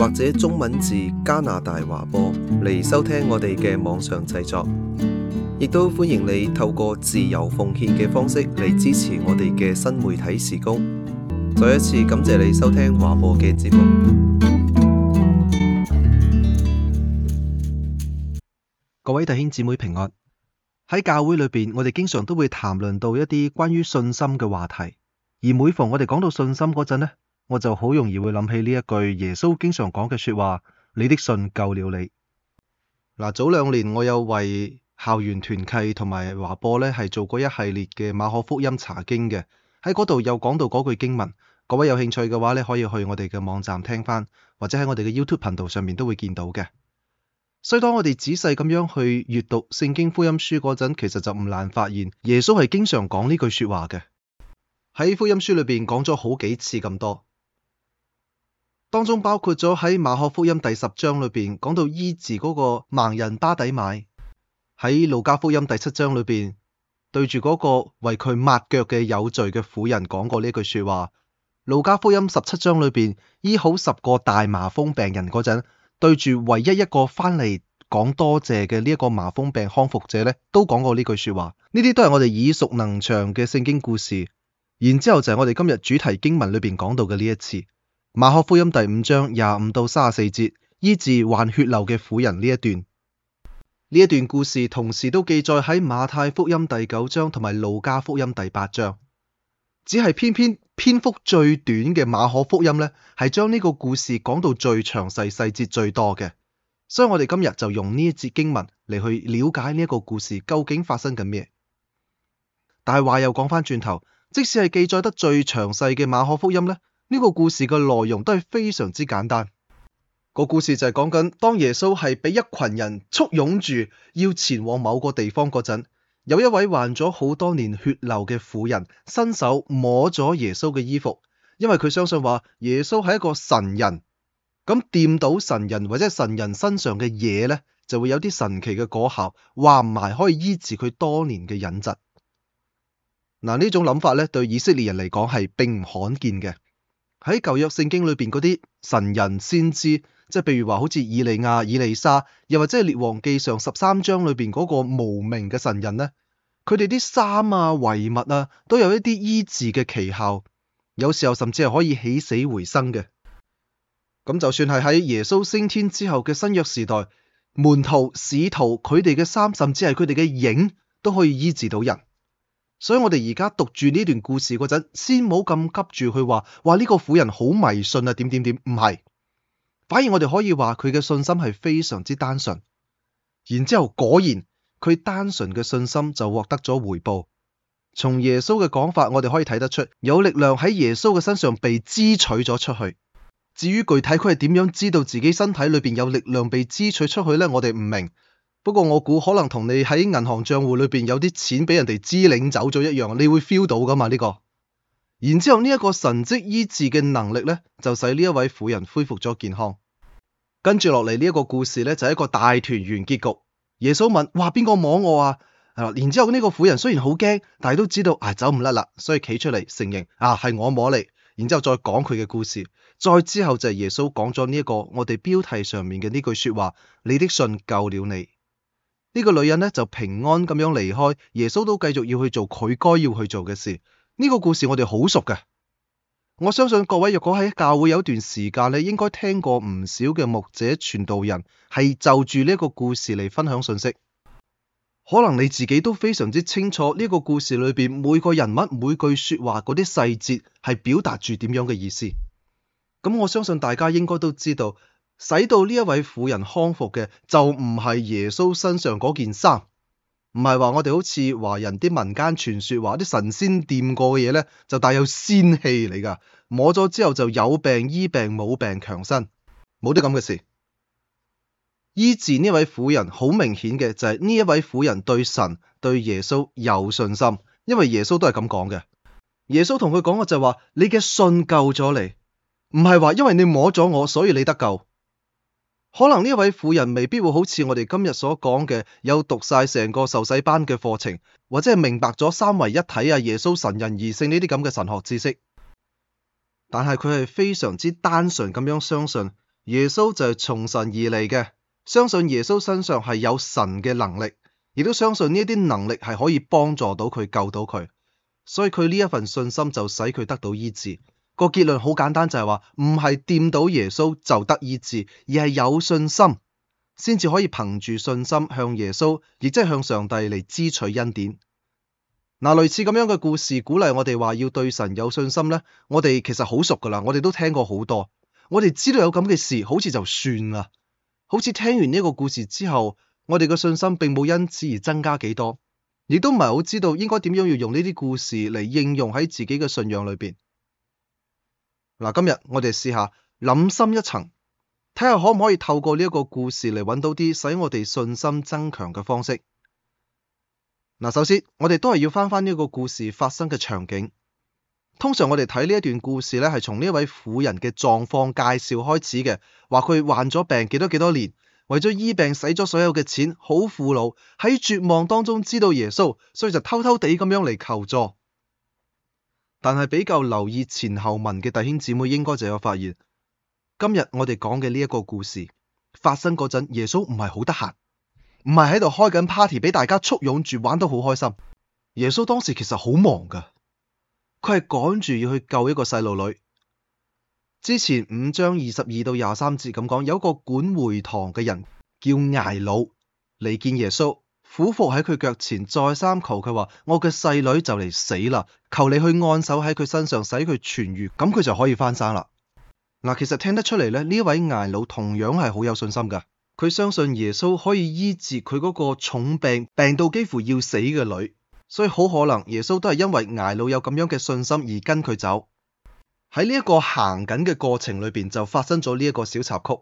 或者中文字加拿大華播嚟收聽我哋嘅網上製作，亦都歡迎你透過自由奉獻嘅方式嚟支持我哋嘅新媒體事工。再一次感謝你收聽華播嘅節目。各位弟兄姊妹平安。喺教會裏邊，我哋經常都會談論到一啲關於信心嘅話題，而每逢我哋講到信心嗰陣呢。我就好容易會諗起呢一句耶穌經常講嘅說話：你的信救了你。嗱，早兩年我有為校園團契同埋華播呢係做過一系列嘅馬可福音查經嘅，喺嗰度又講到嗰句經文。各位有興趣嘅話咧，可以去我哋嘅網站聽翻，或者喺我哋嘅 YouTube 頻道上面都會見到嘅。所以當我哋仔細咁樣去閱讀聖經福音書嗰陣，其實就唔難發現耶穌係經常講呢句說話嘅。喺福音書裏邊講咗好幾次咁多。當中包括咗喺馬可福音第十章裏邊講到醫治嗰個盲人巴底買，喺路加福音第七章裏邊對住嗰個為佢抹腳嘅有罪嘅婦人講過呢句說話，路加福音十七章裏邊醫好十個大麻風病人嗰陣，對住唯一一個翻嚟講多謝嘅呢一個麻風病康復者咧，都講過呢句說話。呢啲都係我哋耳熟能詳嘅聖經故事。然之後就係我哋今日主題經文裏邊講到嘅呢一次。馬可福音第五章廿五到三十四節，醫治患血流嘅婦人呢一段，呢一段故事同時都記載喺馬太福音第九章同埋路加福音第八章，只係偏偏篇幅最短嘅馬可福音呢，係將呢個故事講到最詳細、細節最多嘅，所以我哋今日就用呢一節經文嚟去了解呢一個故事究竟發生緊咩？但係話又講翻轉頭，即使係記載得最詳細嘅馬可福音呢。呢個故事嘅內容都係非常之簡單。個故事就係講緊當耶穌係畀一群人簇擁住要前往某個地方嗰陣，有一位患咗好多年血流嘅婦人伸手摸咗耶穌嘅衣服，因為佢相信話耶穌係一個神人，咁掂到神人或者神人身上嘅嘢咧，就會有啲神奇嘅果效，話唔埋可以醫治佢多年嘅隱疾。嗱、呃、呢種諗法咧，對以色列人嚟講係並唔罕見嘅。喺舊約聖經裏邊嗰啲神人先知，即係譬如話好似以利亞、以利沙，又或者係列王記上十三章裏邊嗰個無名嘅神人咧，佢哋啲衫啊、遺物啊，都有一啲醫治嘅奇效，有時候甚至係可以起死回生嘅。咁就算係喺耶穌升天之後嘅新約時代，門徒、使徒，佢哋嘅衫，甚至係佢哋嘅影，都可以醫治到人。所以我哋而家讀住呢段故事嗰陣，先唔好咁急住去話，話呢個婦人好迷信啊，點點點，唔係，反而我哋可以話佢嘅信心係非常之單純，然之後果然佢單純嘅信心就獲得咗回報。從耶穌嘅講法，我哋可以睇得出，有力量喺耶穌嘅身上被支取咗出去。至於具體佢係點樣知道自己身體裏邊有力量被支取出去咧，我哋唔明。不過我估可能同你喺銀行賬戶裏邊有啲錢畀人哋支領走咗一樣，你會 feel 到噶嘛？呢、這個，然之後呢一個神蹟醫治嘅能力咧，就使呢一位婦人恢復咗健康。跟住落嚟呢一個故事咧，就係、是、一個大團圓結局。耶穌問：，哇，邊個摸我啊？然之後呢個婦人雖然好驚，但係都知道唉、哎，走唔甩啦，所以企出嚟承認啊，係我摸你。然之後再講佢嘅故事，再之後就係耶穌講咗呢一個我哋標題上面嘅呢句說話：，你的信救了你。呢個女人咧就平安咁樣離開，耶穌都繼續要去做佢該要去做嘅事。呢個故事我哋好熟嘅，我相信各位若果喺教會有一段時間咧，應該聽過唔少嘅牧者傳道人係就住呢個故事嚟分享信息。可能你自己都非常之清楚呢個故事裏邊每個人物每句說話嗰啲細節係表達住點樣嘅意思。咁我相信大家應該都知道。使到呢一位婦人康復嘅，就唔係耶穌身上嗰件衫，唔係話我哋好似華人啲民間傳說話啲神仙掂過嘅嘢咧，就帶有仙氣嚟㗎。摸咗之後就有病醫病冇病強身，冇啲咁嘅事。醫治呢位婦人好明顯嘅，就係呢一位婦人對神對耶穌有信心，因為耶穌都係咁講嘅。耶穌同佢講嘅就係話你嘅信救咗你，唔係話因為你摸咗我所以你得救。可能呢位婦人未必會好似我哋今日所講嘅，有讀晒成個受洗班嘅課程，或者係明白咗三位一體啊、耶穌神人二性呢啲咁嘅神學知識。但係佢係非常之單純咁樣相信耶穌就係從神而嚟嘅，相信耶穌身上係有神嘅能力，亦都相信呢啲能力係可以幫助到佢救到佢，所以佢呢一份信心就使佢得到醫治。個結論好簡單，就係話唔係掂到耶穌就得醫治，而係有信心先至可以憑住信心向耶穌，亦即係向上帝嚟支取恩典。嗱，類似咁樣嘅故事鼓勵我哋話要對神有信心咧，我哋其實好熟噶啦，我哋都聽過好多，我哋知道有咁嘅事，好似就算啦，好似聽完呢個故事之後，我哋嘅信心並冇因此而增加幾多，亦都唔係好知道應該點樣要用呢啲故事嚟應用喺自己嘅信仰裏邊。嗱，今日我哋試下諗深一層，睇下可唔可以透過呢一個故事嚟揾到啲使我哋信心增強嘅方式。嗱，首先我哋都係要翻翻呢一個故事發生嘅場景。通常我哋睇呢一段故事咧，係從呢位婦人嘅狀況介紹開始嘅，話佢患咗病幾多幾多年，為咗醫病使咗所有嘅錢，好苦惱喺絕望當中，知道耶穌，所以就偷偷地咁樣嚟求助。但係比較留意前後文嘅弟兄姊妹，應該就有發現，今日我哋講嘅呢一個故事發生嗰陣，耶穌唔係好得閒，唔係喺度開緊 party，俾大家簇擁住玩得好開心。耶穌當時其實好忙噶，佢係趕住要去救一個細路女。之前五章二十二到廿三節咁講，有個管會堂嘅人叫艾魯嚟見耶穌。俯伏喺佢腳前，再三求佢話：我嘅細女就嚟死啦，求你去按手喺佢身上，使佢痊愈，咁佢就可以翻生啦。嗱，其實聽得出嚟咧，呢一位睚魯同樣係好有信心噶，佢相信耶穌可以醫治佢嗰個重病，病到幾乎要死嘅女，所以好可能耶穌都係因為睚魯有咁樣嘅信心而跟佢走。喺呢一個行緊嘅過程裏邊，就發生咗呢一個小插曲，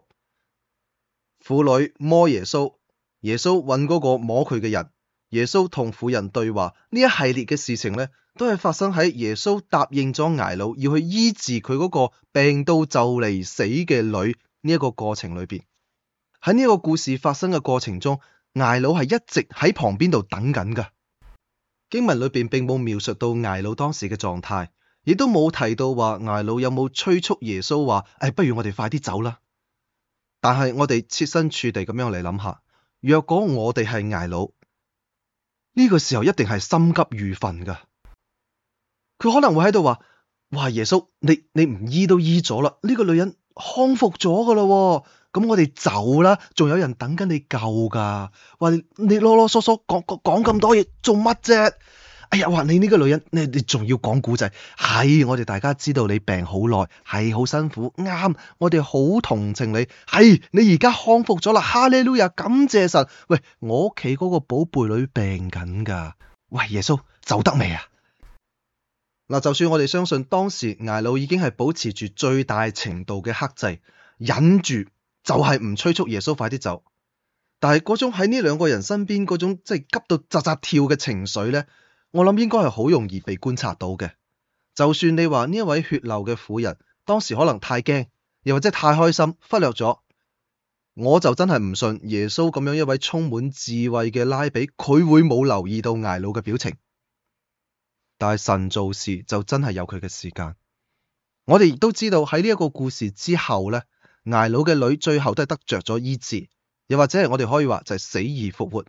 婦女摸耶穌。耶穌揾嗰個摸佢嘅人，耶穌同婦人對話，呢一系列嘅事情呢，都係發生喺耶穌答應咗挨老要去醫治佢嗰個病到就嚟死嘅女呢一個過程裏邊。喺呢個故事發生嘅過程中，挨老係一直喺旁邊度等緊㗎。經文裏邊並冇描述到挨老當時嘅狀態，亦都冇提到話挨老有冇催促耶穌話：誒、哎，不如我哋快啲走啦。但係我哋切身處地咁樣嚟諗下。若果我哋係睚魯，呢、這個時候一定係心急如焚噶。佢可能會喺度話，哇耶穌，你你唔醫都醫咗啦，呢、這個女人康復咗噶啦，咁我哋走啦，仲有人等緊你救噶。話你，你囉囉嗦嗦講講講咁多嘢，做乜啫？哎呀！哇！你呢個女人，你你仲要講古仔？係、哎、我哋大家知道你病好耐，係、哎、好辛苦，啱，我哋好同情你。係、哎、你而家康復咗啦，哈利路亞！感謝神。喂，我屋企嗰個寶貝女病緊噶。喂，耶穌走得未啊？嗱，就算我哋相信當時睚魯已經係保持住最大程度嘅克制，忍住就係唔催促耶穌快啲走。但係嗰種喺呢兩個人身邊嗰種即係急到扎扎跳嘅情緒咧。我諗應該係好容易被觀察到嘅，就算你話呢一位血流嘅婦人當時可能太驚，又或者太開心忽略咗，我就真係唔信耶穌咁樣一位充滿智慧嘅拉比，佢會冇留意到睚魯嘅表情。但係神做事就真係有佢嘅時間。我哋亦都知道喺呢一個故事之後咧，睚魯嘅女最後都係得着咗醫治，又或者係我哋可以話就係死而復活。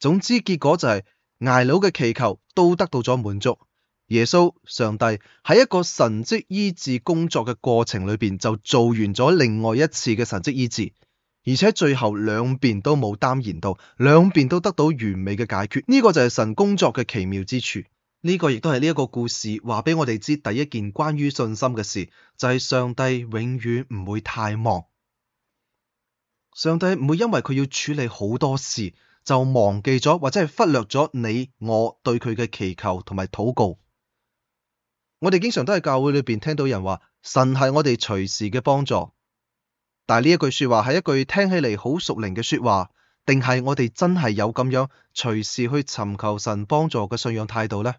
總之結果就係、是。挨老嘅祈求都得到咗滿足，耶穌上帝喺一個神蹟醫治工作嘅過程裏邊就做完咗另外一次嘅神蹟醫治，而且最後兩邊都冇擔言到，兩邊都得到完美嘅解決。呢個就係神工作嘅奇妙之處。呢個亦都係呢一個故事話俾我哋知第一件關於信心嘅事，就係上帝永遠唔會太忙，上帝唔會因為佢要處理好多事。就忘記咗或者係忽略咗你我對佢嘅祈求同埋禱告。我哋經常都喺教會裏邊聽到人話神係我哋隨時嘅幫助，但係呢一句説話係一句聽起嚟好屬靈嘅説話，定係我哋真係有咁樣隨時去尋求神幫助嘅信仰態度咧？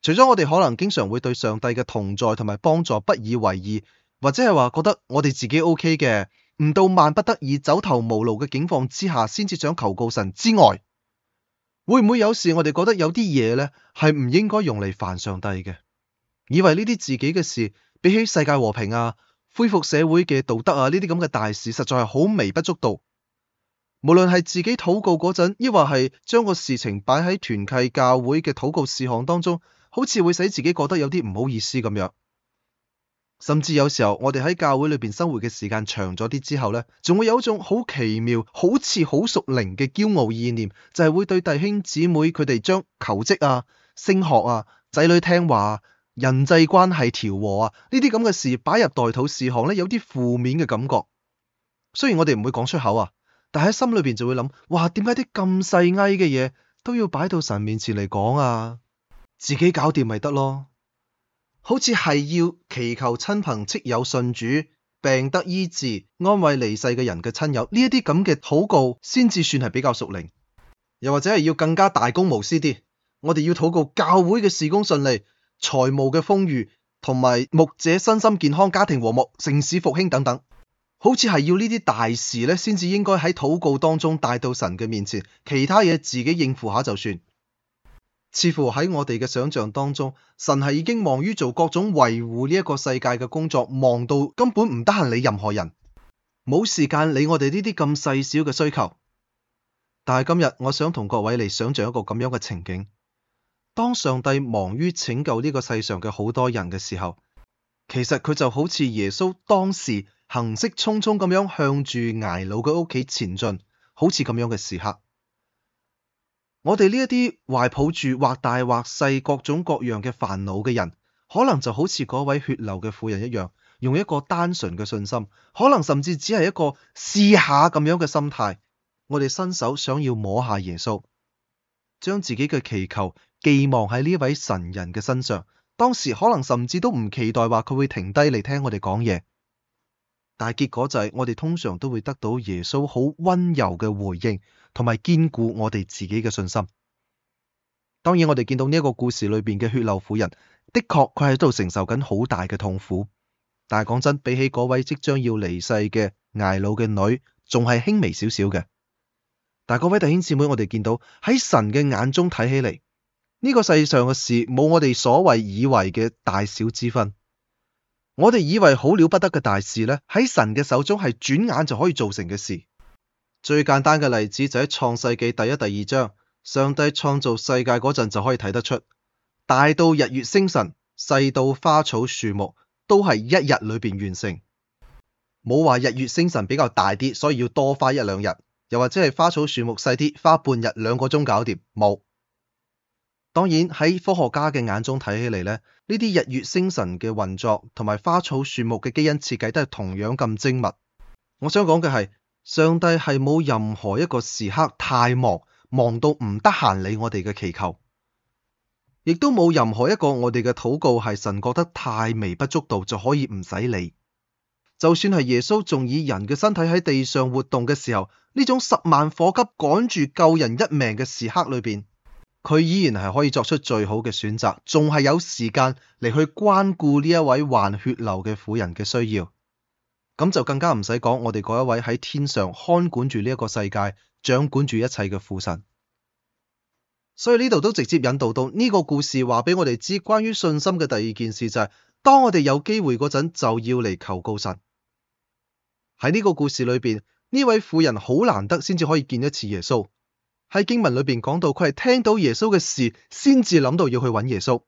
除咗我哋可能經常會對上帝嘅同在同埋幫助不以為意，或者係話覺得我哋自己 OK 嘅。唔到萬不得已、走投無路嘅境況之下，先至想求告神之外，會唔會有時我哋覺得有啲嘢咧係唔應該用嚟煩上帝嘅？以為呢啲自己嘅事，比起世界和平啊、恢復社會嘅道德啊呢啲咁嘅大事，實在係好微不足道。無論係自己禱告嗰陣，抑或係將個事情擺喺團契教會嘅禱告事項當中，好似會使自己覺得有啲唔好意思咁樣。甚至有時候，我哋喺教會裏邊生活嘅時間長咗啲之後咧，仲會有一種好奇妙、好似好屬靈嘅驕傲意念，就係、是、會對弟兄姊妹佢哋將求職啊、升學啊、仔女聽話、啊、人際關係調和啊呢啲咁嘅事擺入代禱事項咧，有啲負面嘅感覺。雖然我哋唔會講出口啊，但喺心裏邊就會諗：哇，點解啲咁細埃嘅嘢都要擺到神面前嚟講啊？自己搞掂咪得咯？好似係要祈求親朋戚友信主、病得醫治、安慰離世嘅人嘅親友，呢一啲咁嘅禱告先至算係比較屬靈。又或者係要更加大公無私啲，我哋要禱告教會嘅事工順利、財務嘅豐裕，同埋牧者身心健康、家庭和睦、城市復興等等。好似係要呢啲大事咧，先至應該喺禱告當中帶到神嘅面前，其他嘢自己應付下就算。似乎喺我哋嘅想象當中，神係已經忙於做各種維護呢一個世界嘅工作，忙到根本唔得閒理任何人，冇時間理我哋呢啲咁細小嘅需求。但係今日我想同各位嚟想象一個咁樣嘅情景：當上帝忙於拯救呢個世上嘅好多人嘅時候，其實佢就好似耶穌當時行色匆匆咁樣向住睚魯嘅屋企前進，好似咁樣嘅時刻。我哋呢一啲懷抱住或大或細各種各樣嘅煩惱嘅人，可能就好似嗰位血流嘅婦人一樣，用一個單純嘅信心，可能甚至只係一個試下咁樣嘅心態，我哋伸手想要摸下耶穌，將自己嘅祈求寄望喺呢位神人嘅身上，當時可能甚至都唔期待話佢會停低嚟聽我哋講嘢。但係結果就係，我哋通常都會得到耶穌好溫柔嘅回應，同埋堅固我哋自己嘅信心。當然，我哋見到呢一個故事裏邊嘅血漏婦人，的確佢喺度承受緊好大嘅痛苦。但係講真，比起嗰位即將要離世嘅睚魯嘅女，仲係輕微少少嘅。但係各位弟兄姊妹，我哋見到喺神嘅眼中睇起嚟，呢個世上嘅事冇我哋所謂以為嘅大小之分。我哋以為好了不得嘅大事呢，喺神嘅手中係轉眼就可以做成嘅事。最簡單嘅例子就喺創世記第一、第二章，上帝創造世界嗰陣就可以睇得出，大到日月星辰，細到花草樹木，都係一日裏邊完成，冇話日月星辰比較大啲，所以要多花一兩日，又或者係花草樹木細啲，花半日兩個鐘搞掂，冇。當然喺科學家嘅眼中睇起嚟咧，呢啲日月星辰嘅運作同埋花草樹木嘅基因設計都係同樣咁精密。我想講嘅係，上帝係冇任何一個時刻太忙，忙到唔得閒理我哋嘅祈求，亦都冇任何一個我哋嘅禱告係神覺得太微不足道就可以唔使理。就算係耶穌仲以人嘅身體喺地上活動嘅時候，呢種十萬火急趕住救人一命嘅時刻裏邊。佢依然係可以作出最好嘅選擇，仲係有時間嚟去關顧呢一位患血流嘅婦人嘅需要，咁就更加唔使講我哋嗰一位喺天上看管住呢一個世界、掌管住一切嘅父神。所以呢度都直接引導到呢個故事，話俾我哋知關於信心嘅第二件事就係，當我哋有機會嗰陣就要嚟求告神。喺呢個故事裏邊，呢位婦人好難得先至可以見一次耶穌。喺經文裏邊講到，佢係聽到耶穌嘅事，先至諗到要去揾耶穌。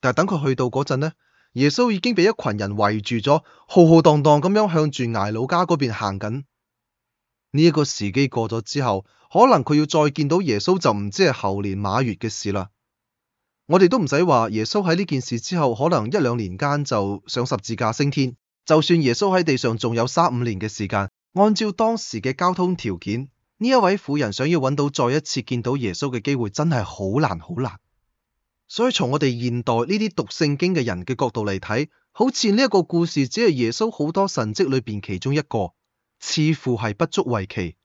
但係等佢去到嗰陣呢，耶穌已經被一群人圍住咗，浩浩蕩蕩咁樣向住崖老家嗰邊行緊。呢、這、一個時機過咗之後，可能佢要再見到耶穌就唔知係猴年馬月嘅事啦。我哋都唔使話耶穌喺呢件事之後，可能一兩年間就上十字架升天。就算耶穌喺地上仲有三五年嘅時間，按照當時嘅交通條件。呢一位婦人想要揾到再一次見到耶穌嘅機會，真係好難好難。所以從我哋現代呢啲讀聖經嘅人嘅角度嚟睇，好似呢一個故事只係耶穌好多神跡裏邊其中一個，似乎係不足為奇。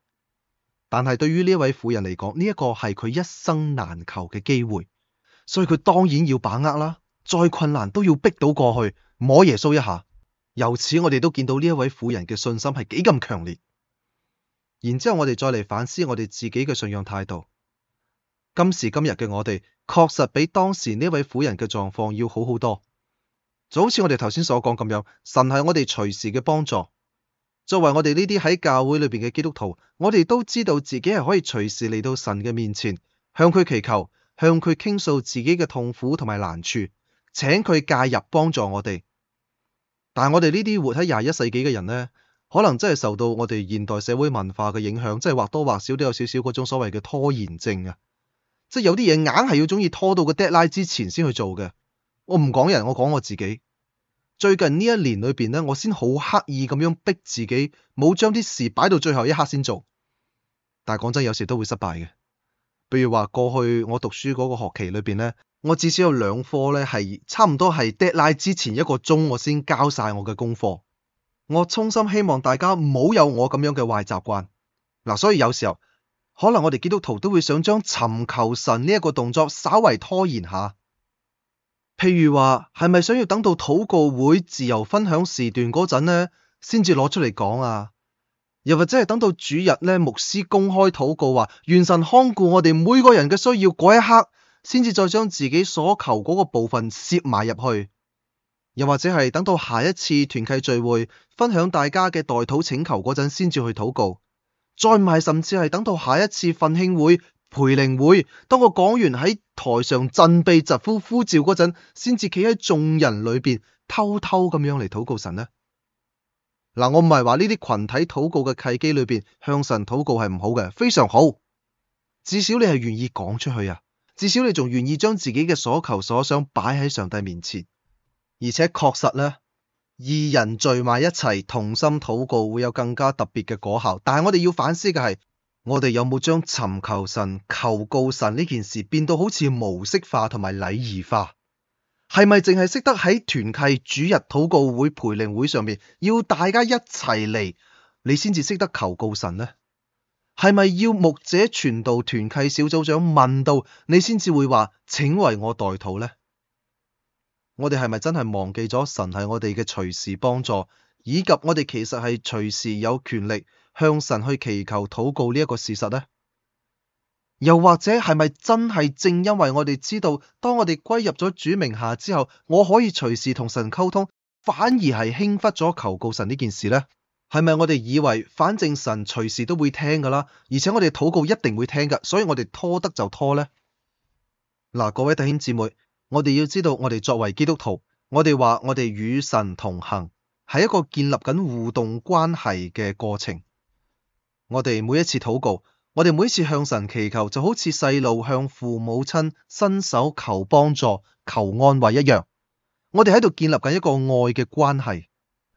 但係對於呢一位婦人嚟講，呢一個係佢一生難求嘅機會，所以佢當然要把握啦。再困難都要逼到過去摸耶穌一下。由此我哋都見到呢一位婦人嘅信心係幾咁強烈。然之後，我哋再嚟反思我哋自己嘅信仰態度。今時今日嘅我哋，確實比當時呢位婦人嘅狀況要好好多。就好似我哋頭先所講咁樣，神係我哋隨時嘅幫助。作為我哋呢啲喺教會裏邊嘅基督徒，我哋都知道自己係可以隨時嚟到神嘅面前，向佢祈求，向佢傾訴自己嘅痛苦同埋難處，請佢介入幫助我哋。但我哋呢啲活喺廿一世紀嘅人呢。可能真係受到我哋現代社會文化嘅影響，真係或多或少都有少少嗰種所謂嘅拖延症啊！即係有啲嘢硬係要鍾意拖到個 deadline 之前先去做嘅。我唔講人，我講我自己。最近呢一年裏邊咧，我先好刻意咁樣逼自己，冇將啲事擺到最後一刻先做。但係講真，有時都會失敗嘅。譬如話，過去我讀書嗰個學期裏邊咧，我至少有兩科咧係差唔多係 deadline 之前一個鐘，我先交晒我嘅功課。我衷心希望大家唔好有我咁樣嘅壞習慣，嗱、啊，所以有時候可能我哋基督徒都會想將尋求神呢一個動作稍為拖延下，譬如話係咪想要等到禱告會自由分享時段嗰陣咧，先至攞出嚟講啊，又或者係等到主日咧，牧師公開禱告話，願神看顧我哋每個人嘅需要嗰一刻，先至再將自己所求嗰個部分攝埋入去。又或者係等到下一次團契聚會分享大家嘅代禱請求嗰陣，先至去禱告；再唔係，甚至係等到下一次奮興會、培靈會，當個講員喺台上振臂疾呼呼召嗰陣，先至企喺眾人裏邊偷偷咁樣嚟禱告神呢。嗱、啊，我唔係話呢啲群體禱告嘅契機裏邊向神禱告係唔好嘅，非常好。至少你係願意講出去啊，至少你仲願意將自己嘅所求所想擺喺上帝面前。而且確實呢，二人聚埋一齊同心禱告會有更加特別嘅果效。但係我哋要反思嘅係，我哋有冇將尋求神、求告神呢件事變到好似模式化同埋禮儀化？係咪淨係識得喺團契主日禱告會、培靈會上面要大家一齊嚟，你先至識得求告神呢？係咪要牧者傳道團契小組長問到你先至會話，請為我代禱呢？」我哋係咪真係忘記咗神係我哋嘅隨時幫助，以及我哋其實係隨時有權力向神去祈求禱告呢一個事實呢？又或者係咪真係正因為我哋知道當我哋歸入咗主名下之後，我可以隨時同神溝通，反而係輕忽咗求告神呢件事呢？係咪我哋以為反正神隨時都會聽噶啦，而且我哋禱告一定會聽噶，所以我哋拖得就拖呢？嗱，各位弟兄姊妹。我哋要知道，我哋作為基督徒，我哋話我哋與神同行，係一個建立緊互動關係嘅過程。我哋每一次禱告，我哋每一次向神祈求，就好似細路向父母親伸手求幫助、求安慰一樣。我哋喺度建立緊一個愛嘅關係，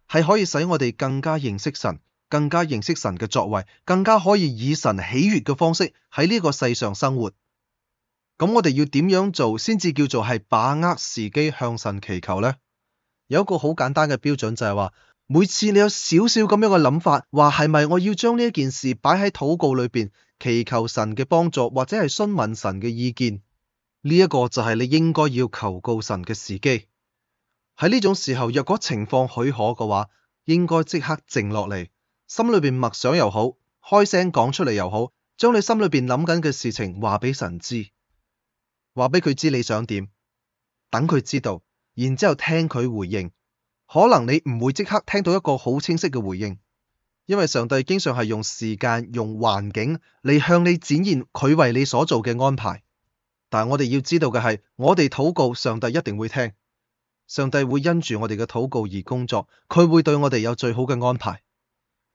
係可以使我哋更加認識神，更加認識神嘅作為，更加可以以神喜悅嘅方式喺呢個世上生活。咁我哋要點樣做先至叫做係把握時機向神祈求呢？有一個好簡單嘅標準就係話，每次你有少少咁樣嘅諗法，話係咪我要將呢件事擺喺禱告裏邊，祈求神嘅幫助或者係詢問神嘅意見？呢一個就係你應該要求告神嘅時機。喺呢種時候，若果情況許可嘅話，應該即刻靜落嚟，心裏邊默想又好，開聲講出嚟又好，將你心裏邊諗緊嘅事情話俾神知。話畀佢知你想點，等佢知道，然之後聽佢回應。可能你唔會即刻聽到一個好清晰嘅回應，因為上帝經常係用時間、用環境嚟向你展現佢為你所做嘅安排。但我哋要知道嘅係，我哋禱告，上帝一定會聽，上帝會因住我哋嘅禱告而工作，佢會對我哋有最好嘅安排。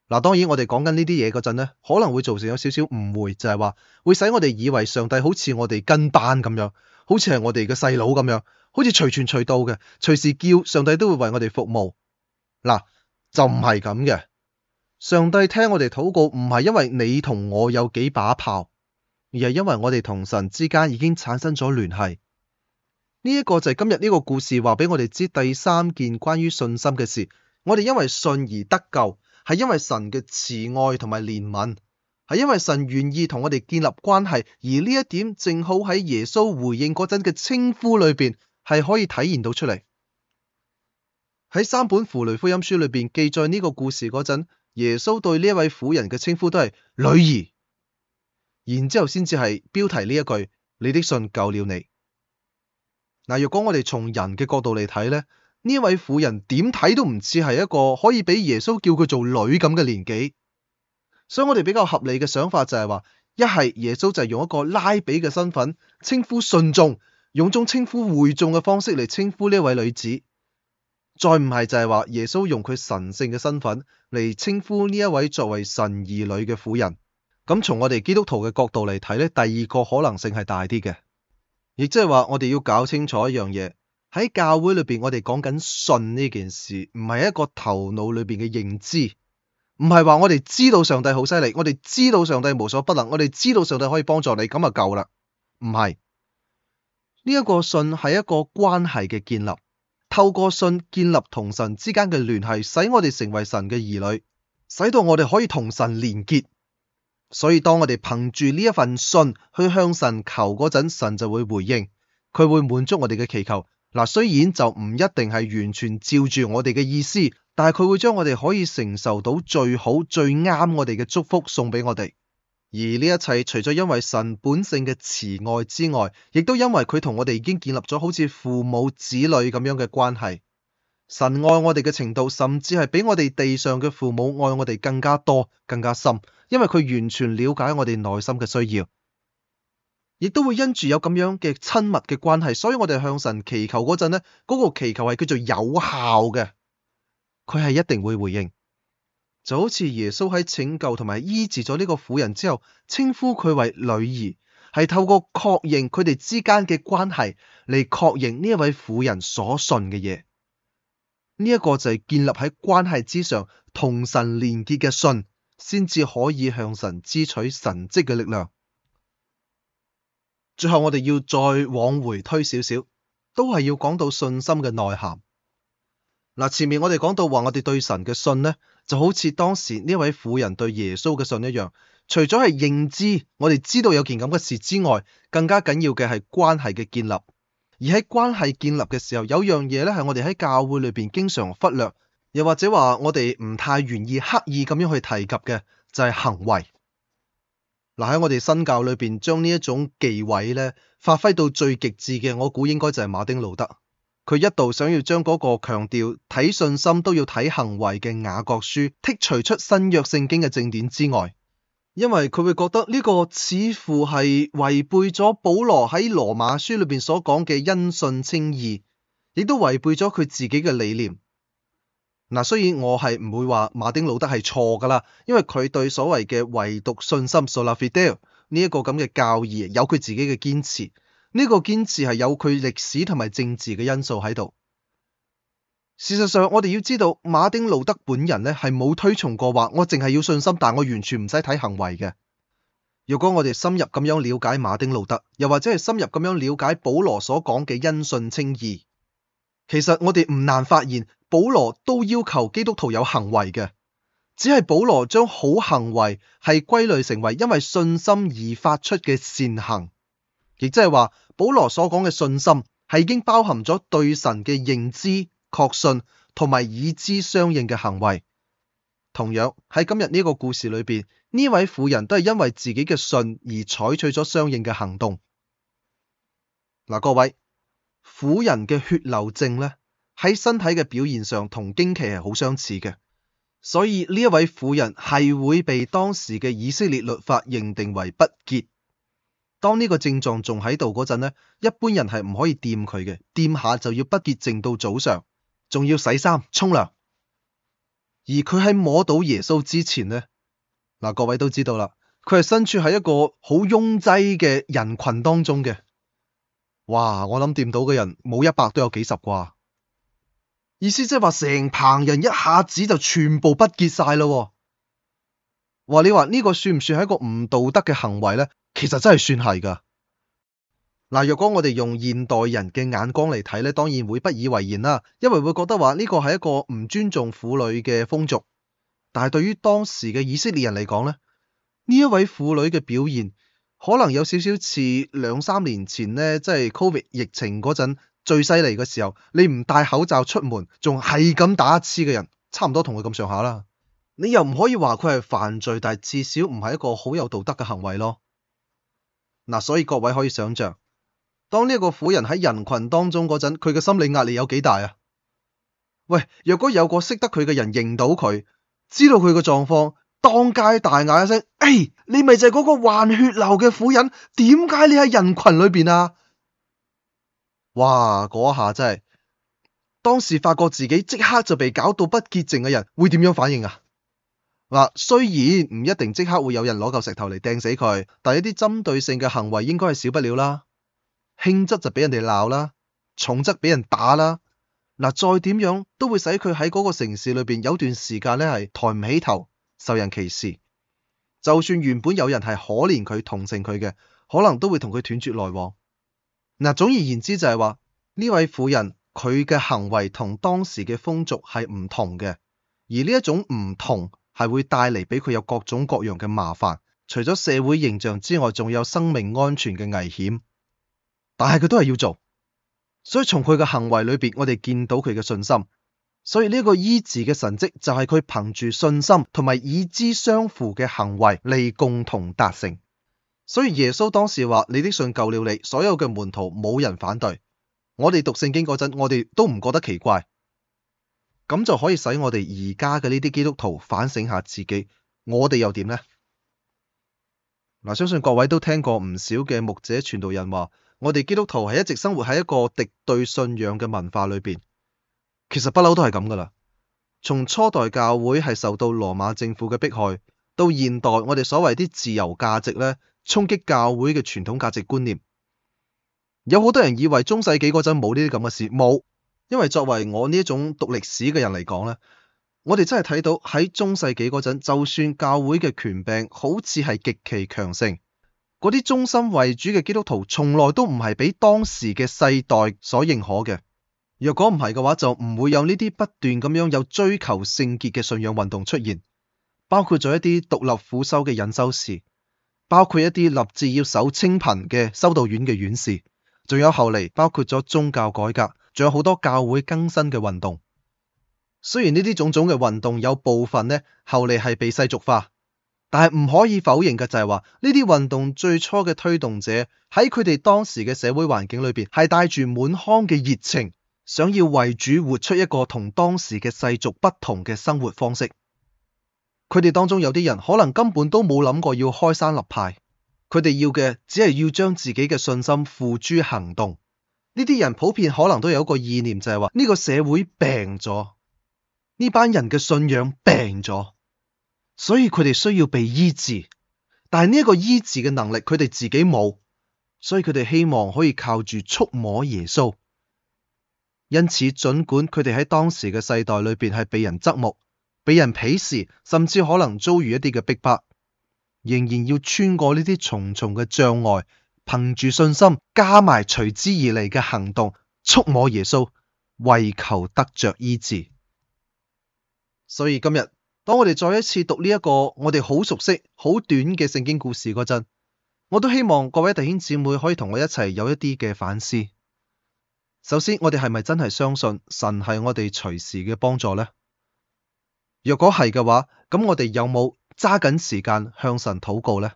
嗱，當然我哋講緊呢啲嘢嗰陣咧，可能會造成有少少誤會，就係、是、話會使我哋以為上帝好似我哋跟班咁樣，好似係我哋嘅細佬咁樣，好似隨傳隨到嘅，隨時叫上帝都會為我哋服務。嗱、啊，就唔係咁嘅。上帝聽我哋禱告唔係因為你同我有幾把炮，而係因為我哋同神之間已經產生咗聯繫。呢、這、一個就係今日呢個故事話俾我哋知第三件關於信心嘅事。我哋因為信而得救。係因為神嘅慈愛同埋憐憫，係因為神願意同我哋建立關係，而呢一點正好喺耶穌回應嗰陣嘅稱呼裏邊係可以體現到出嚟。喺三本符類福音書裏邊記載呢個故事嗰陣，耶穌對呢一位婦人嘅稱呼都係女兒，然之後先至係標題呢一句：你的信救了你。嗱，若果我哋從人嘅角度嚟睇咧。呢位婦人點睇都唔似係一個可以畀耶穌叫佢做女咁嘅年紀，所以我哋比較合理嘅想法就係話，一係耶穌就係用一個拉比嘅身份稱呼信眾，用一種稱呼會眾嘅方式嚟稱呼呢位女子，再唔係就係話耶穌用佢神聖嘅身份嚟稱呼呢一位作為神兒女嘅婦人。咁從我哋基督徒嘅角度嚟睇咧，第二個可能性係大啲嘅，亦即係話我哋要搞清楚一樣嘢。喺教會裏邊，我哋講緊信呢件事，唔係一個頭腦裏邊嘅認知，唔係話我哋知道上帝好犀利，我哋知道上帝無所不能，我哋知道上帝可以幫助你，咁就夠啦。唔係，呢一個信係一個關係嘅建立，透過信建立同神之間嘅聯繫，使我哋成為神嘅兒女，使到我哋可以同神連結。所以當我哋憑住呢一份信去向神求嗰陣，神就會回應，佢會滿足我哋嘅祈求。嗱，雖然就唔一定係完全照住我哋嘅意思，但係佢會將我哋可以承受到最好、最啱我哋嘅祝福送俾我哋。而呢一切，除咗因為神本性嘅慈愛之外，亦都因為佢同我哋已經建立咗好似父母子女咁樣嘅關係。神愛我哋嘅程度，甚至係比我哋地上嘅父母愛我哋更加多、更加深，因為佢完全了解我哋內心嘅需要。亦都會因住有咁樣嘅親密嘅關係，所以我哋向神祈求嗰陣，呢嗰個祈求係叫做有效嘅，佢係一定會回應。就好似耶穌喺拯救同埋醫治咗呢個婦人之後，稱呼佢為女兒，係透過確認佢哋之間嘅關係嚟確認呢一位婦人所信嘅嘢。呢、這、一個就係建立喺關係之上，同神連結嘅信，先至可以向神支取神蹟嘅力量。最後我哋要再往回推少少，都係要講到信心嘅內涵。嗱，前面我哋講到話我哋對神嘅信咧，就好似當時呢位婦人對耶穌嘅信一樣。除咗係認知，我哋知道有件咁嘅事之外，更加緊要嘅係關係嘅建立。而喺關係建立嘅時候，有樣嘢咧係我哋喺教會裏邊經常忽略，又或者話我哋唔太願意刻意咁樣去提及嘅，就係行為。嗱，喺我哋新教裏邊，將呢一種忌諱咧發揮到最極致嘅，我估應該就係馬丁路德。佢一度想要將嗰個強調睇信心都要睇行為嘅雅各書剔除出新約聖經嘅正典之外，因為佢會覺得呢個似乎係違背咗保羅喺羅馬書裏邊所講嘅因信稱義，亦都違背咗佢自己嘅理念。嗱，雖然、啊、我係唔會話馬丁路德係錯噶啦，因為佢對所謂嘅唯獨信心 （sola fide） 呢一個咁嘅教義，有佢自己嘅堅持。呢、這個堅持係有佢歷史同埋政治嘅因素喺度。事實上，我哋要知道馬丁路德本人咧係冇推崇過話我淨係要信心，但我完全唔使睇行為嘅。如果我哋深入咁樣了解馬丁路德，又或者係深入咁樣了解保羅所講嘅因信稱義。其實我哋唔難發現，保羅都要求基督徒有行為嘅，只係保羅將好行為係歸類成為因為信心而發出嘅善行，亦即係話保羅所講嘅信心係已經包含咗對神嘅認知、確信同埋以，以知相應嘅行為。同樣喺今日呢個故事裏邊，呢位婦人都係因為自己嘅信而採取咗相應嘅行動。嗱，各位。婦人嘅血流症咧，喺身體嘅表現上同經期係好相似嘅，所以呢一位婦人係會被當時嘅以色列律法認定為不潔。當呢個症狀仲喺度嗰陣咧，一般人係唔可以掂佢嘅，掂下就要不潔淨到早上，仲要洗衫、沖涼。而佢喺摸到耶穌之前咧，嗱，各位都知道啦，佢係身處喺一個好擁擠嘅人群當中嘅。哇！我諗掂到嘅人冇一百都有幾十啩，意思即係話成棚人一下子就全部不結曬咯。話你話呢個算唔算係一個唔道德嘅行為咧？其實真係算係噶。嗱，若果我哋用現代人嘅眼光嚟睇咧，當然會不以為然啦，因為會覺得話呢個係一個唔尊重婦女嘅風俗。但係對於當時嘅以色列人嚟講咧，呢一位婦女嘅表現。可能有少少似兩三年前呢，即係 Covid 疫情嗰陣最犀利嘅時候，你唔戴口罩出門，仲係咁打一次嘅人，差唔多同佢咁上下啦。你又唔可以話佢係犯罪，但係至少唔係一個好有道德嘅行為咯。嗱，所以各位可以想象，當呢一個婦人喺人群當中嗰陣，佢嘅心理壓力有幾大啊？喂，若果有個識得佢嘅人認到佢，知道佢嘅狀況。當街大嗌一聲，誒、哎，你咪就係嗰個患血流嘅婦人，點解你喺人群裏邊啊？哇，嗰一下真係，當時發覺自己即刻就被搞到不潔淨嘅人會點樣反應啊？嗱，雖然唔一定即刻會有人攞嚿石頭嚟掟死佢，但係一啲針對性嘅行為應該係少不了啦。輕則就俾人哋鬧啦，重則俾人打啦。嗱，再點樣都會使佢喺嗰個城市裏邊有段時間咧係抬唔起頭。受人歧視，就算原本有人係可憐佢、同情佢嘅，可能都會同佢斷絕來往。嗱，總而言之就係話呢位婦人佢嘅行為同當時嘅風俗係唔同嘅，而呢一種唔同係會帶嚟俾佢有各種各樣嘅麻煩，除咗社會形象之外，仲有生命安全嘅危險。但係佢都係要做，所以從佢嘅行為裏邊，我哋見到佢嘅信心。所以呢個醫治嘅神蹟就係佢憑住信心同埋以之相符嘅行為嚟，共同達成。所以耶穌當時話：你的信救了你。所有嘅門徒冇人反對。我哋讀聖經嗰陣，我哋都唔覺得奇怪。咁就可以使我哋而家嘅呢啲基督徒反省下自己，我哋又點呢？嗱，相信各位都聽過唔少嘅牧者傳道人話：我哋基督徒係一直生活喺一個敵對信仰嘅文化裏邊。其實不嬲都係咁噶啦，從初代教會係受到羅馬政府嘅迫害，到現代我哋所謂啲自由價值咧衝擊教會嘅傳統價值觀念，有好多人以為中世紀嗰陣冇呢啲咁嘅事，冇。因為作為我呢一種讀歷史嘅人嚟講咧，我哋真係睇到喺中世紀嗰陣，就算教會嘅權柄好似係極其強盛，嗰啲忠心為主嘅基督徒從來都唔係俾當時嘅世代所認可嘅。如果唔係嘅話，就唔會有呢啲不斷咁樣有追求聖潔嘅信仰運動出現，包括咗一啲獨立苦修嘅隱修士，包括一啲立志要守清貧嘅修道院嘅院士，仲有後嚟包括咗宗教改革，仲有好多教會更新嘅運動。雖然呢啲種種嘅運動有部分呢後嚟係被世俗化，但係唔可以否認嘅就係話，呢啲運動最初嘅推動者喺佢哋當時嘅社會環境裏邊係帶住滿腔嘅熱情。想要為主活出一個同當時嘅世俗不同嘅生活方式，佢哋當中有啲人可能根本都冇諗過要開山立派，佢哋要嘅只係要將自己嘅信心付諸行動。呢啲人普遍可能都有一個意念，就係話呢個社會病咗，呢班人嘅信仰病咗，所以佢哋需要被醫治。但係呢一個醫治嘅能力，佢哋自己冇，所以佢哋希望可以靠住觸摸耶穌。因此，盡管佢哋喺當時嘅世代裏邊係被人側目、被人鄙視，甚至可能遭遇一啲嘅逼迫，仍然要穿過呢啲重重嘅障礙，憑住信心，加埋隨之而嚟嘅行動，觸摸耶穌，為求得着醫治。所以今日，當我哋再一次讀呢一個我哋好熟悉、好短嘅聖經故事嗰陣，我都希望各位弟兄姊妹可以同我一齊有一啲嘅反思。首先，我哋係咪真係相信神係我哋隨時嘅幫助呢？若果係嘅話，咁我哋有冇揸緊時間向神禱告呢？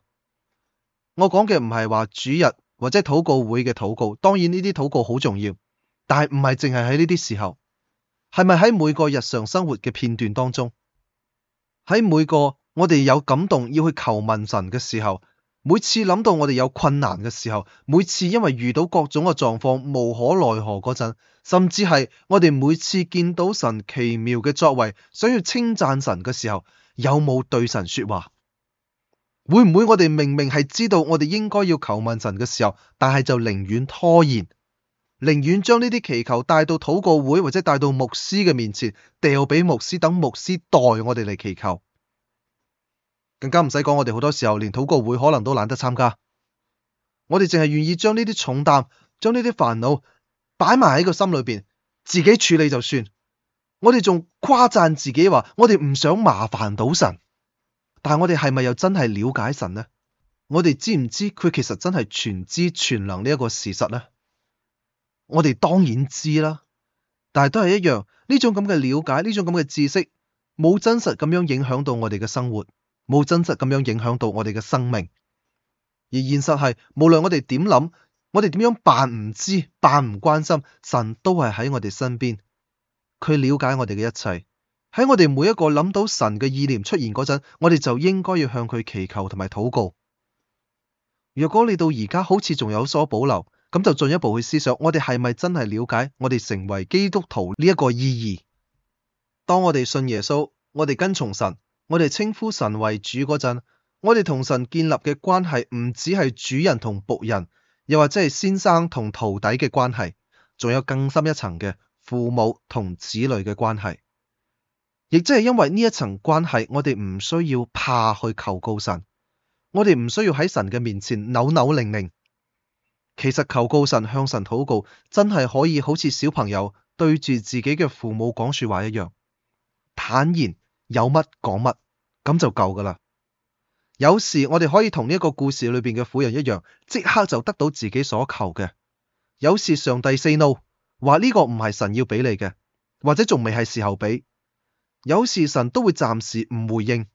我講嘅唔係話主日或者禱告會嘅禱告，當然呢啲禱告好重要，但係唔係淨係喺呢啲時候，係咪喺每個日常生活嘅片段當中，喺每個我哋有感動要去求問神嘅時候？每次諗到我哋有困難嘅時候，每次因為遇到各種嘅狀況無可奈何嗰陣，甚至係我哋每次見到神奇妙嘅作為，想要稱讚神嘅時候，有冇對神說話？會唔會我哋明明係知道我哋應該要求問神嘅時候，但係就寧願拖延，寧願將呢啲祈求帶到禱告會或者帶到牧師嘅面前，掉俾牧師等牧師代我哋嚟祈求？更加唔使講，我哋好多時候連禱告會可能都懶得參加，我哋淨係願意將呢啲重擔、將呢啲煩惱擺埋喺個心裏邊，自己處理就算。我哋仲誇讚自己話：我哋唔想麻煩到神，但係我哋係咪又真係了解神呢？我哋知唔知佢其實真係全知全能呢一個事實呢？我哋當然知啦，但係都係一樣，呢種咁嘅了解，呢種咁嘅知識，冇真實咁樣影響到我哋嘅生活。冇真實咁樣影響到我哋嘅生命，而現實係，無論我哋點諗，我哋點樣扮唔知、扮唔關心，神都係喺我哋身邊，佢了解我哋嘅一切。喺我哋每一個諗到神嘅意念出現嗰陣，我哋就應該要向佢祈求同埋禱告。如果你到而家好似仲有所保留，咁就進一步去思想，我哋係咪真係了解我哋成為基督徒呢一個意義？當我哋信耶穌，我哋跟從神，我哋稱呼神為主嗰陣，我哋同神建立嘅關係唔止係主人同僕人，又或者係先生同徒弟嘅關係，仲有更深一層嘅父母同子女嘅關係。亦即係因為呢一層關係，我哋唔需要怕去求告神，我哋唔需要喺神嘅面前扭扭擰擰。其實求告神，向神禱告，真係可以好似小朋友對住自己嘅父母講說話一樣，坦然。有乜講乜，咁就夠噶啦。有時我哋可以同呢一個故事裏邊嘅婦人一樣，即刻就得到自己所求嘅。有時上帝 say no，話呢個唔係神要俾你嘅，或者仲未係時候俾。有時神都會暫時唔回應，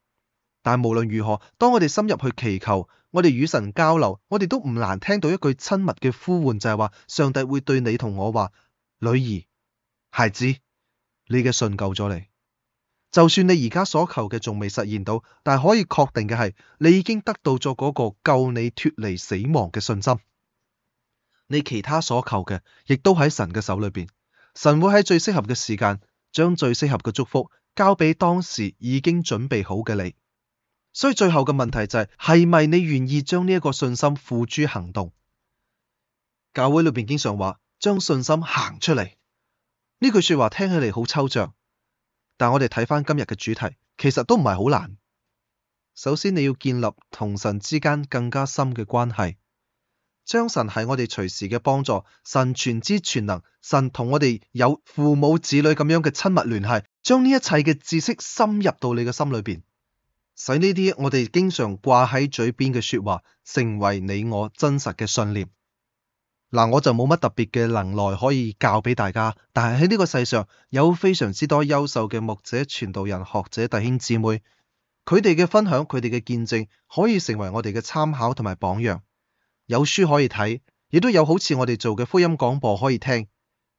但係無論如何，當我哋深入去祈求，我哋與神交流，我哋都唔難聽到一句親密嘅呼喚，就係話上帝會對你同我話：女兒、孩子，你嘅信救咗你。就算你而家所求嘅仲未實現到，但可以確定嘅係，你已經得到咗嗰個救你脫離死亡嘅信心。你其他所求嘅，亦都喺神嘅手裏邊。神會喺最適合嘅時間，將最適合嘅祝福交俾當時已經準備好嘅你。所以最後嘅問題就係，係咪你願意將呢一個信心付諸行動？教會裏邊經常話，將信心行出嚟。呢句說話聽起嚟好抽象。但我哋睇返今日嘅主題，其實都唔係好難。首先你要建立同神之間更加深嘅關係，將神係我哋隨時嘅幫助，神全知全能，神同我哋有父母子女咁樣嘅親密聯繫，將呢一切嘅知識深入到你嘅心裏邊，使呢啲我哋經常掛喺嘴邊嘅說話，成為你我真實嘅信念。嗱，我就冇乜特別嘅能耐可以教俾大家，但係喺呢個世上有非常之多優秀嘅牧者、傳道人、學者、弟兄姊妹，佢哋嘅分享、佢哋嘅見證，可以成為我哋嘅參考同埋榜樣。有書可以睇，亦都有好似我哋做嘅福音廣播可以聽，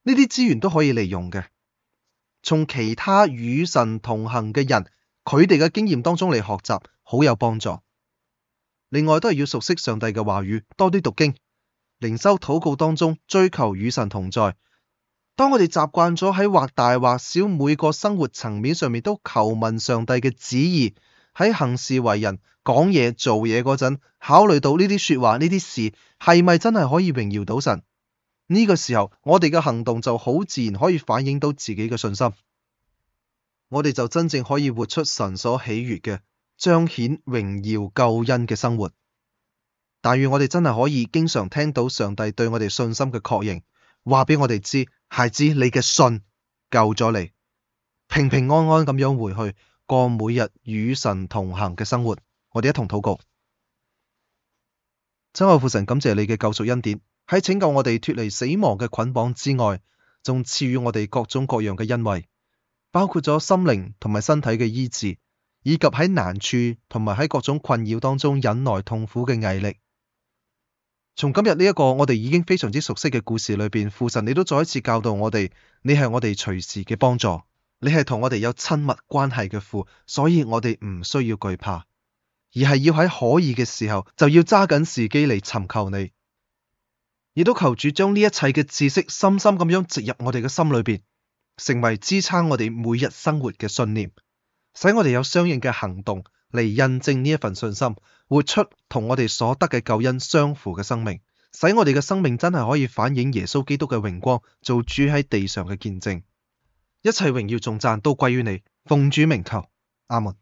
呢啲資源都可以利用嘅。從其他與神同行嘅人，佢哋嘅經驗當中嚟學習，好有幫助。另外都係要熟悉上帝嘅話語，多啲讀經。靈修禱告當中，追求與神同在。當我哋習慣咗喺或大或小每個生活層面上面都求問上帝嘅旨意，喺行事為人、講嘢、做嘢嗰陣，考慮到呢啲說話、呢啲事係咪真係可以榮耀到神？呢個時候，我哋嘅行動就好自然可以反映到自己嘅信心，我哋就真正可以活出神所喜悅嘅、彰顯榮耀救恩嘅生活。但願我哋真係可以經常聽到上帝對我哋信心嘅確認，話俾我哋知，孩子你嘅信救咗你，平平安安咁樣回去過每日與神同行嘅生活。我哋一同禱告，親愛父神，感謝你嘅救贖恩典，喺拯救我哋脫離死亡嘅捆綁之外，仲賜予我哋各種各樣嘅恩惠，包括咗心靈同埋身體嘅醫治，以及喺難處同埋喺各種困擾當中忍耐痛苦嘅毅力。從今日呢一個我哋已經非常之熟悉嘅故事裏邊，父神你都再一次教導我哋，你係我哋隨時嘅幫助，你係同我哋有親密關係嘅父，所以我哋唔需要懼怕，而係要喺可以嘅時候就要抓緊時機嚟尋求你，亦都求主將呢一切嘅知識深深咁樣植入我哋嘅心裏邊，成為支撐我哋每日生活嘅信念，使我哋有相應嘅行動嚟印證呢一份信心，活出同我哋所得嘅救恩相符嘅生命，使我哋嘅生命真係可以反映耶穌基督嘅榮光，做主喺地上嘅見證。一切榮耀頌讚都歸於你，奉主名求，阿門。